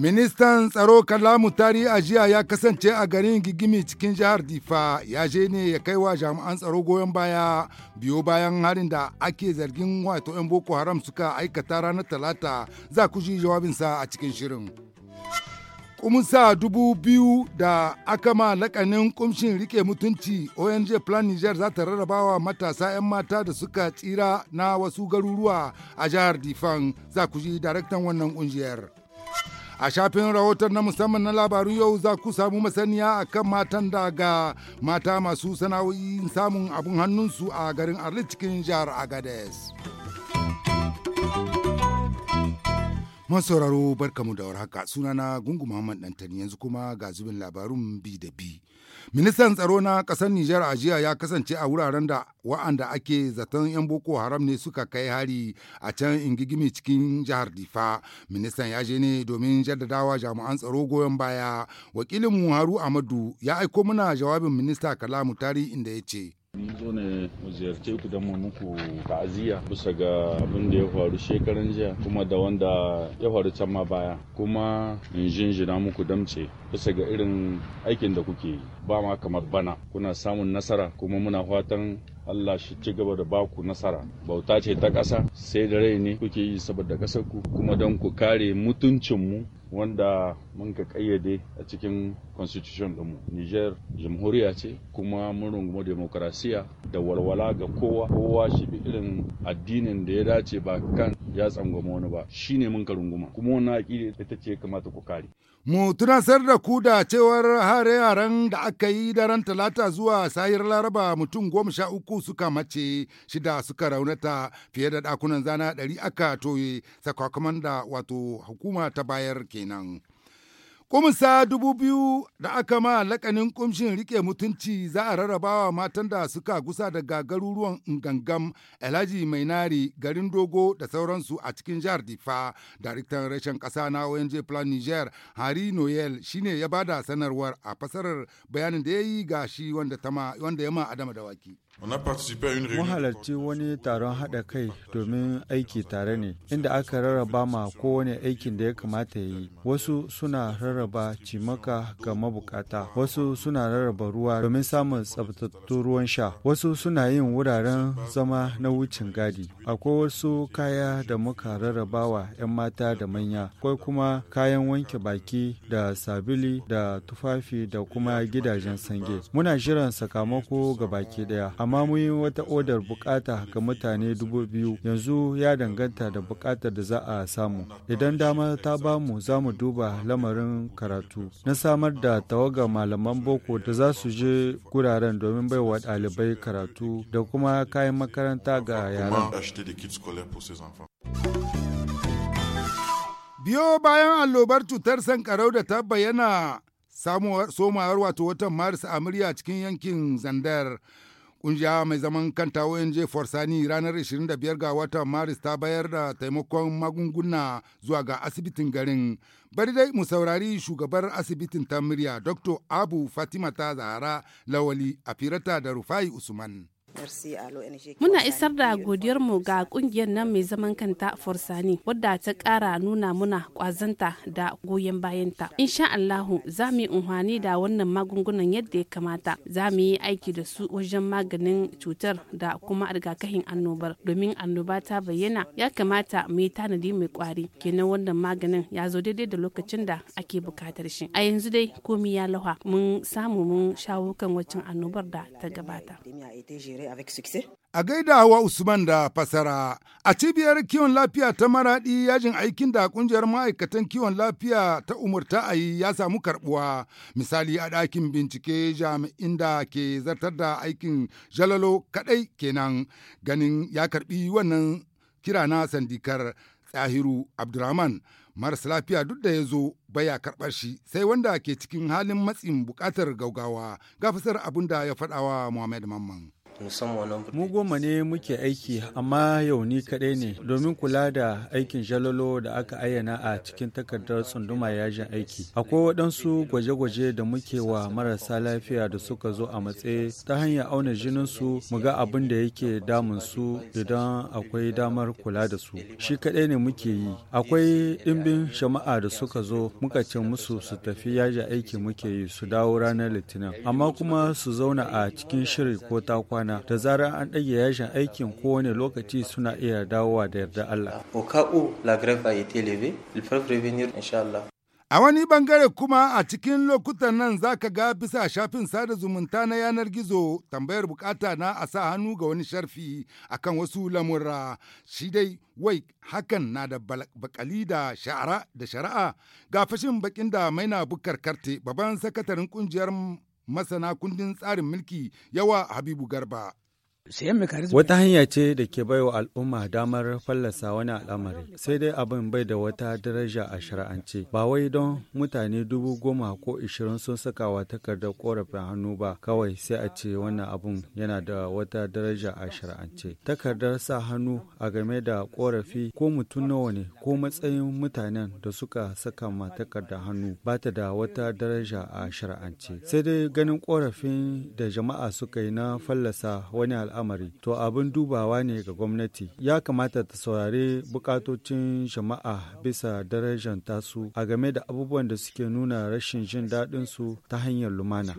Ministan tsaro Kalamu Tari a jiya ya kasance a garin Gigimi cikin jihar Difa ya je ne ya kai wa jami'an tsaro goyon baya biyo bayan harin da ake zargin wato 'yan Boko Haram suka aikata ranar Talata za ku ji jawabinsa a cikin shirin. Kumsa dubu biyu da aka ma lakanin kumshin rike mutunci ONG Plan Niger za ta rarrabawa matasa 'yan mata da suka tsira na wasu garuruwa a jihar Difan za ku ji daraktan wannan ƙungiyar. A shafin rahoton na musamman na labarun yau za ku samu masaniya a kan matan daga mata masu sana'o'in samun abin hannunsu a garin arli cikin jihar Agades. Masauraro barkamu da warhaka sunana Gungu Muhammad Dantani yanzu kuma ga zubin labarun bi da bi. Ministan tsaro na ƙasar Nijar a jiya ya kasance a wuraren da wa'anda ake zaton 'yan Boko Haram ne suka kai hari a can ingigimi cikin jihar Difa. Ministan ya je ne domin jaddadawa jami'an tsaro goyon baya. Wakilin mu Haru Amadu ya aiko mana jawabin minista Kalamu Tari inda ya ce. Mun zo ne mu ziyarce ku don mu muku ta'aziyya bisa ga abin da ya faru shekaran jiya kuma da wanda ya faru can ma baya kuma in jinjina muku damce bisa ga irin aikin da kuke yi ba ma kamar bana kuna samun nasara kuma muna fatan Allah shi ci gaba da baku nasara bauta ce ta ƙasa sai da rai ne kuke yi saboda ƙasar ku kuma don ku kare mutuncinmu wanda mun ka kayyade a cikin constitution ɗinmu. Niger jamhuriya ce kuma mun rungumi demokrasiya da walwala ga kowa kowa shi bi irin addinin da ya dace ba kan ya tsangwama wani ba shine mun ka runguma kuma wannan aƙida ita ce kamata ku kare. Mu tunasar da ku da cewar hare yaren da aka yi daren talata zuwa sayar laraba mutum goma sha uku suka mace shida suka raunata fiye da ɗakunan zana ɗari aka toye sakamakon da wato hukuma ta bayar kenan. Kumsa dubu biyu da aka ma lakanin kumshin riƙe mutunci za a rarrabawa matan da suka gusa daga garuruwan Ngangam, elaji Mainari, garin Dogo da sauransu a cikin jihar Difa. Daraktan rashen ƙasa na ONG Plan Niger, Hari Noel, shine ya bada sanarwar a fasarar bayanin da ya yi ga shi wanda ya ma Adama da waki Mun halarci wani taron haɗa kai domin aiki tare ne, inda aka rarraba ma kowane aikin da ya kamata yi. Wasu suna rarraba cimaka ga mabukata, wasu suna rarraba ruwa domin samun tsabtattu ruwan sha, wasu suna yin wuraren zama na wucin gadi. Akwai wasu kaya da muka rarraba wa 'yan mata da manya, akwai kuma kayan wanke baki da sabili da tufafi da kuma gidajen sange. Muna shirin sakamako ga baki ɗaya. amma mun yi wata odar bukata ga mutane dubu biyu yanzu ya danganta da bukatar da za a samu idan dama ta bamu za mu duba lamarin karatu na samar da tawaga malaman boko da za su je guraren domin baiwa dalibai karatu da kuma kayan makaranta ga yaran biyo bayan allobar cutar sankarau da ta bayyana somawar wato watan maris a cikin yankin zandar Kungiya mai zaman kanta ONG Forsani ranar 25 ga watan Maris ta bayar da taimakon magunguna zuwa ga asibitin garin. Bari dai mu saurari shugabar asibitin ta murya Dr. Abu Fatima ta Zahara Lawali a firata da Rufai Usman. Muna isar da godiyarmu ga kungiyar nan mai zaman kanta Forsani wadda ta kara nuna muna kwazanta da goyon bayanta. Insha Allahu za mu yi unhwani da wannan magungunan yadda ya kamata. Za mu yi aiki da su wajen maganin cutar da kuma rigakafin annobar. Domin annoba ta bayyana ya kamata mu yi tanadi mai kwari. Kenan wannan maganin ya zo daidai da lokacin da ake bukatar shi. A yanzu dai komi ya lawa mun samu mun shawo kan waccan annobar da ta gabata. avec succès. A gaida wa Usman da fasara, a cibiyar kiwon lafiya ta maraɗi yajin aikin da kungiyar ma'aikatan kiwon lafiya ta umurta a yi ya samu karbuwa Misali a dakin bincike jami'in da ke zartar da aikin jalalo kaɗai kenan ganin ya karɓi wannan kira na sandikar Tsahiru Abdurrahman. Maras lafiya duk da ya zo baya karɓar shi sai wanda ke cikin halin matsin buƙatar gaugawa ga fasar abin da ya faɗawa Muhammad Mamman. Mu goma ne muke aiki amma yau ni kaɗai ne domin kula da aikin jalolo da aka ayyana a cikin takardar tsunduma yajin aiki. Akwai waɗansu gwaje-gwaje da muke wa marasa lafiya da suka zo a matse ta hanyar auna jininsu mu ga abin da yake damun su idan akwai damar kula da su. Shi kaɗai ne muke yi. Akwai ɗimbin jama'a da suka zo muka ce musu su tafi yajin aiki muke yi su dawo ranar litinin amma kuma su zauna a cikin shiri ko ta kwana rana da zarar an ɗage yashin aikin kowane lokaci suna iya dawowa da yarda Allah. A wani bangare kuma a cikin lokutan nan za ka ga bisa shafin sada zumunta na yanar gizo tambayar bukata na a sa hannu ga wani sharfi akan wasu lamura shi dai wai hakan na da bakali da da shari'a ga fashin bakin da maina bukar karte babban sakataren kungiyar masana kundin tsarin mulki yawa Habibu Garba. Wata hanya ce da ke bai wa al'umma damar fallasa wani al'amari, sai dai abin bai da wata daraja a shari'ance, ba wai don mutane dubu goma ko ishirin sun saka wa takardar korafin hannu ba kawai sai a ce wannan abun yana da wata daraja a shari'ance. Takardar sa hannu a game da korafi ko mutum nawa ne ko matsayin mutanen da suka saka ma takardar hannu ba ta da wata daraja a shari'ance. Sai dai ganin korafin da jama'a suka yi na fallasa wani al'amari to abin dubawa ne ga gwamnati ya kamata ta saurari bukatocin jama'a bisa darajar tasu a game da abubuwan da suke nuna rashin jin daɗin su ta hanyar lumana.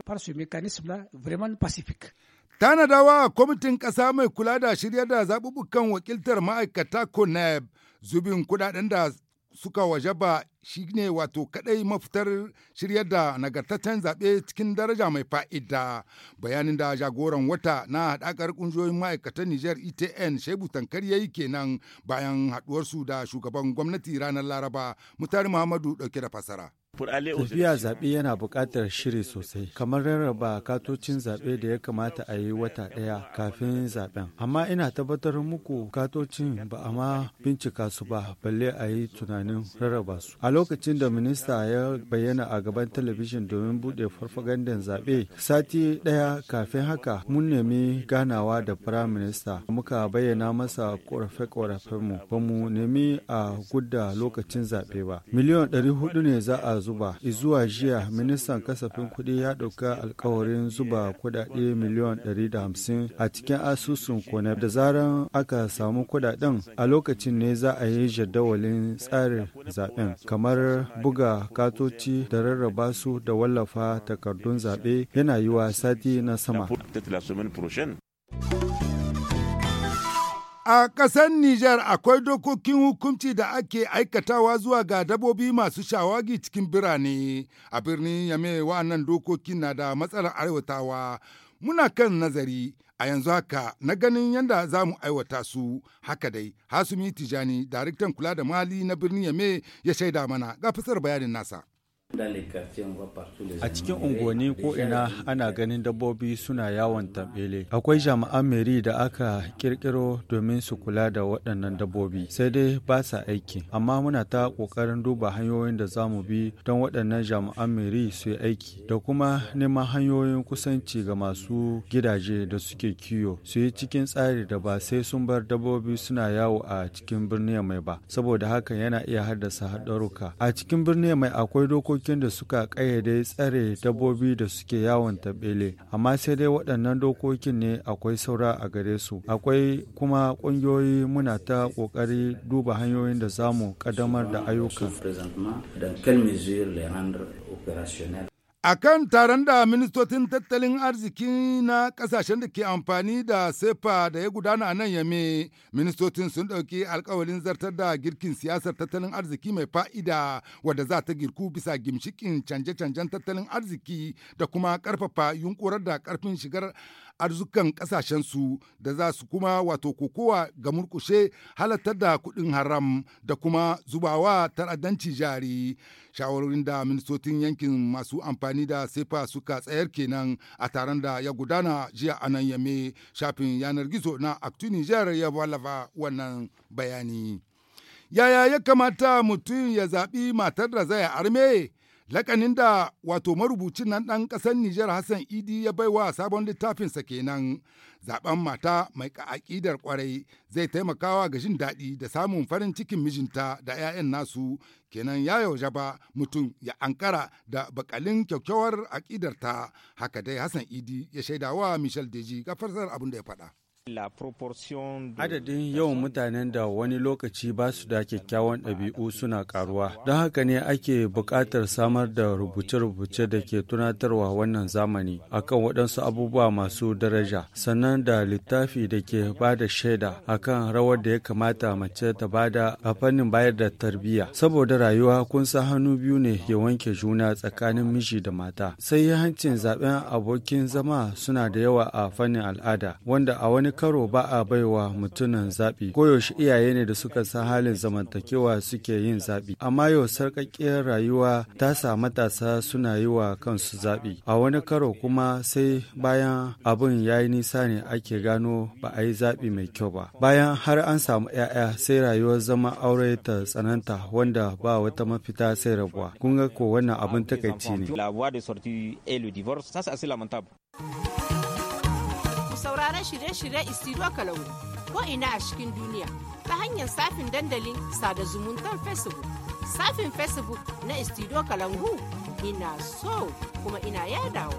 Tanadawa kwamitin ƙasa mai kula da shirya da zaɓuɓɓukan wakiltar ma'aikata CONEB zubin kuɗaɗen da suka wajaba shi ne wato kadai mafitar shiryar da nagartaccen zaɓe cikin daraja mai fa'ida bayanin da jagoran wata na haɗakar ƙungiyoyin ma'aikatan Nijar ETN shaibu Tankar yayi kenan bayan haɗuwarsu da shugaban gwamnati ranar Laraba Mutari Muhammadu ɗauke da fasara. Tafiya zaɓe yana buƙatar shiri sosai, kamar rarraba katocin zaɓe da ya kamata a yi wata ɗaya kafin zaɓen. Amma ina tabbatar muku katocin ba a ma bincika su ba, balle a yi tunanin rarraba su. A lokacin da minista ya bayyana a gaban talabijin domin buɗe farfagandan zaɓe, sati ɗaya kafin haka mun nemi ganawa da firayim minista muka bayyana masa ƙorafe mu. ba mu nemi a gudda lokacin zaɓe ba. Miliyon ɗari hudu ne za a zo zuba. Zuwa jiya ministan kasafin kuɗi ya ɗauka alkawarin zuba kuɗaɗe miliyan 150 a cikin asusun kone da zaran aka samu kuɗaɗen a lokacin ne za a yi jadawalin tsarin zaɓen kamar buga katoci da rarraba su da wallafa takardun zaɓe yana yiwa sati na sama. A ƙasar Nijar akwai dokokin hukunci da ake aikatawa zuwa ga dabobi masu shawagi cikin birane. A birnin Yame wa'annan dokokin na da matsalar aiwatawa. Muna kan nazari a yanzu haka na ganin yadda za mu aiwata su haka dai. Hasumi Tijani, daraktan kula da mali na birnin Yame ya shaida mana ga fasar bayanin nasa. A cikin unguwanni ko ina ana ganin dabbobi suna yawon tabele. Akwai jami'an meri da aka kirkiro domin su kula da waɗannan dabbobi, sai dai ba sa aiki. Amma muna ta ƙoƙarin duba hanyoyin da za mu bi don waɗannan jami'an meri su yi aiki, da kuma neman hanyoyin kusanci ga masu gidaje da suke kiyo, su yi cikin tsari da ba sai sun bar dabbobi suna yawo a cikin birniya mai ba, saboda haka yana iya haddasa haɗaruka. A cikin birniya mai akwai dokoki dokokin da suka kayyade tsare dabbobi da suke yawon taɓele amma sai dai waɗannan dokokin ne akwai saura a gare su akwai kuma ƙungiyoyi muna ta ƙoƙari duba hanyoyin da zamu mu ƙaddamar da ayyuka A kan taron da ministocin tattalin arziki na kasashen da ke amfani da sefa da ya gudana a nan yame, ministocin sun ɗauki alkawalin zartar da girkin siyasar tattalin arziki mai fa'ida wadda za ta girku bisa gimshikin canje-canjen tattalin arziki da kuma karfafa yunkurar da ƙarfin shigar arzukan su da za su kuma wato kokowa ga murkushe halartar da kuɗin haram da kuma zubawa ta'addanci jari. Shawarorin da ministocin yankin masu amfani da sefa suka tsayar kenan a taron da ya gudana jiya a nan yame shafin yanar gizo na Aktu Nijar ya wallafa wannan bayani. Yaya ya kamata mutum ya zaɓi matar da zai arme? Lakanin da wato marubucin nan ɗan ƙasar Nijar Hassan Idi ya bai wa sabon littafinsa kenan. Zaben mata mai aƙidar kwarai zai taimakawa ga jin daɗi da samun farin cikin mijinta da 'ya'yan nasu kenan ya yaushe ba mutum ya ankara da bakalin kyakkyawar aƙidarta haka dai Hassan Idi ya shaidawa Michel Deji ga farsar abin da ya faɗa. Adadin yawan mutanen da wani lokaci ba su da kyakkyawan ɗabi'u suna karuwa don haka ne ake buƙatar samar da rubuce-rubuce da ke tunatarwa wannan zamani akan waɗansu abubuwa masu daraja, sannan da littafi da ke ba da shaida a kan rawar da ya kamata mace ta bada a fannin bayar da tarbiyya. Saboda rayuwa kun sa hannu biyu ne ya wanke juna tsakanin miji da mata. Sai hancin zaben abokin zama suna da yawa a fannin al'ada, wanda a wani wani karo ba a baiwa mutumin zaɓi koyaushe iyaye ne da suka san halin zamantakewa suke yin zaɓi amma yau sarƙaƙƙiyar rayuwa ta sa matasa suna yi wa kansu zaɓi a wani karo kuma sai bayan abin ya yi nisa ne ake gano ba a yi zaɓi mai kyau ba bayan har an samu 'ya'ya sai rayuwar zama aure ta tsananta wanda ba wata mafita sai rabuwa kun ko wannan abin takaici ne sauran shirye-shirye isiro kalangu ko ina a cikin duniya ta hanyar safin dandalin sada zumuntar facebook safin facebook na isiro kalangu ina so kuma ina yadawa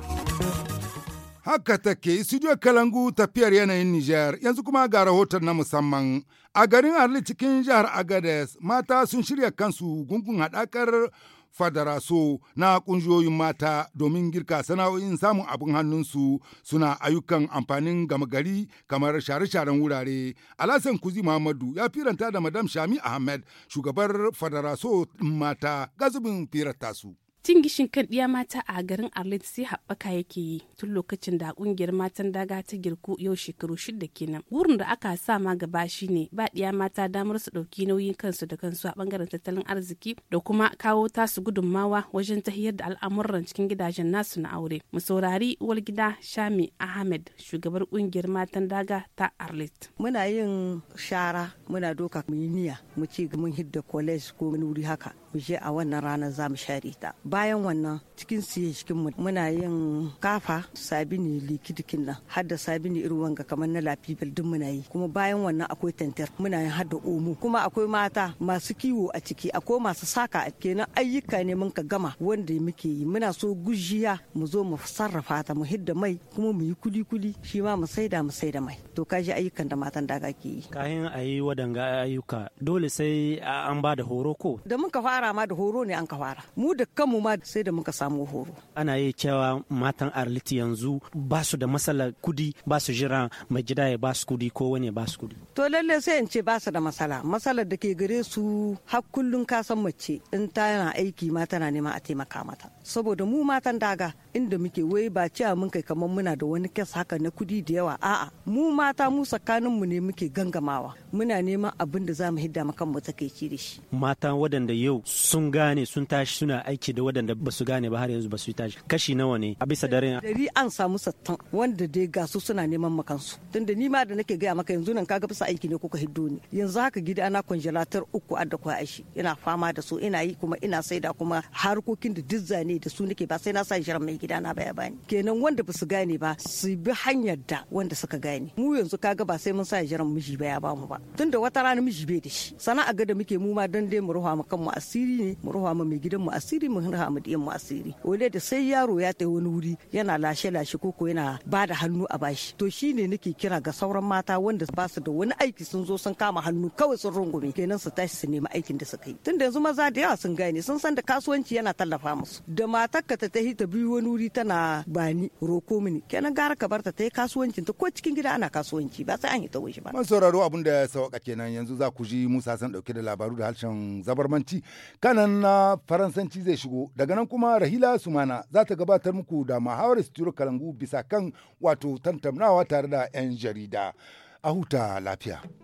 haka take studio kalangu tafiyar yanayin Nijar yanzu kuma ga rahoton na musamman a garin Arli cikin jihar Agades mata sun shirya kansu gungun haɗakar fadaraso na ƙungiyoyin mata domin girka sana'o'in samun abin hannunsu suna ayyukan amfanin gama gari kamar share-sharen wurare. Alasan Kuzi Muhammadu ya firanta da Madam Shami Ahmed, shugabar fadaraso mata gazubin firar tasu. cin gishin kan ɗiya mata a garin arlet sai haɓaka yake yi tun lokacin da ƙungiyar matan daga ta girku yau shekaru shida kenan wurin da aka sa ma gaba shine ba ɗiya mata damar su ɗauki nauyin kansu da kansu a ɓangaren tattalin arziki da kuma kawo tasu gudummawa wajen tahiyar da al'amuran cikin gidajen nasu na aure mu saurari uwar gida shami ahmed shugabar ƙungiyar matan daga ta arlet muna yin shara muna doka mu yi niyya mu ci mun hidda college ko wani wuri haka mu je a wannan ranar za mu share ta bayan wannan cikin siye cikin mu muna yin kafa sabini likidikin nan har da sabini irin wanga kamar na lafibel duk muna yi kuma bayan wannan akwai tantar muna yin har da omo kuma akwai mata masu kiwo a ciki akwai masu saka a kenan ayyuka ne mun ka gama wanda muke yi muna so gujiya mu zo mu sarrafa ta mu hidda mai kuma mu yi kuli kuli shi ma mu saida mu saida mai to ka ji ayyukan da matan daga ke yi kayan ayi wadanga ayyuka dole sai an ba da horo ko da muka fara fara ma da horo ne an ka fara mu da kanmu ma sai da muka samu horo ana yi cewa matan arliti yanzu ba su da masala kudi ba su jira mai gida ya ba su kudi ko wani ba su kudi to lalle sai in ce ba su da masala masalar da ke gare su har kullun ka san mace in yana aiki ma tana nema a taimaka mata saboda mu matan daga inda muke wai ba cewa mun kai kamar muna da wani kes haka na kudi da yawa a'a mu mata mu tsakanin mu ne muke gangamawa muna neman abin da za mu hidda kan mu ci da shi mata wadanda yau sun gane sun tashi suna aiki da waɗanda ba su gane ba har yanzu ba su tashi kashi nawa ne a bisa daren dari an samu sattan wanda dai gasu suna neman makansu tunda ni ma da nake gaya maka yanzu nan kaga fasa aiki ne kuka hiddo ni yanzu haka gida ana konjelatar uku a da kwa aishi ina fama da su ina yi kuma ina saida kuma harkokin da duk zane da su nake ba sai na sa jiran mai gida na baya bani kenan wanda ba su gane ba su bi hanyar da wanda suka gane mu yanzu kaga ba sai mun sa jiran miji baya bamu ba tunda wata rana miji bai da shi sana'a ga da muke mu ma dan dai mu ruha mu kanmu asiri asiri ne mu rufa mu mai gidan mu asiri mu rufa mu diyan mu asiri wale da sai yaro ya tsaye wani wuri yana lashe lashe ko ko yana ba da hannu a bashi to shine nake kira ga sauran mata wanda ba su da wani aiki sun zo sun kama hannu kawai sun rungume kenan su tashi su nemi aikin da suka yi tunda yanzu maza da yawa sun gane sun san da kasuwanci yana tallafa musu da matar ka ta hi ta biyu wani wuri tana bani roko mini kenan gara ka barta ta yi kasuwancin ta ko cikin gida ana kasuwanci ba sai an yi ta waje ba. Man sauraro abin da sawaka kenan yanzu za ku ji Musa san dauke da labaru da harshen zabarmanci kanan na faransanci zai shigo daga nan kuma rahila sumana za ta gabatar muku da mahawar studio kalangu bisa kan wato tantamnawa tare da 'yan jarida a huta lafiya.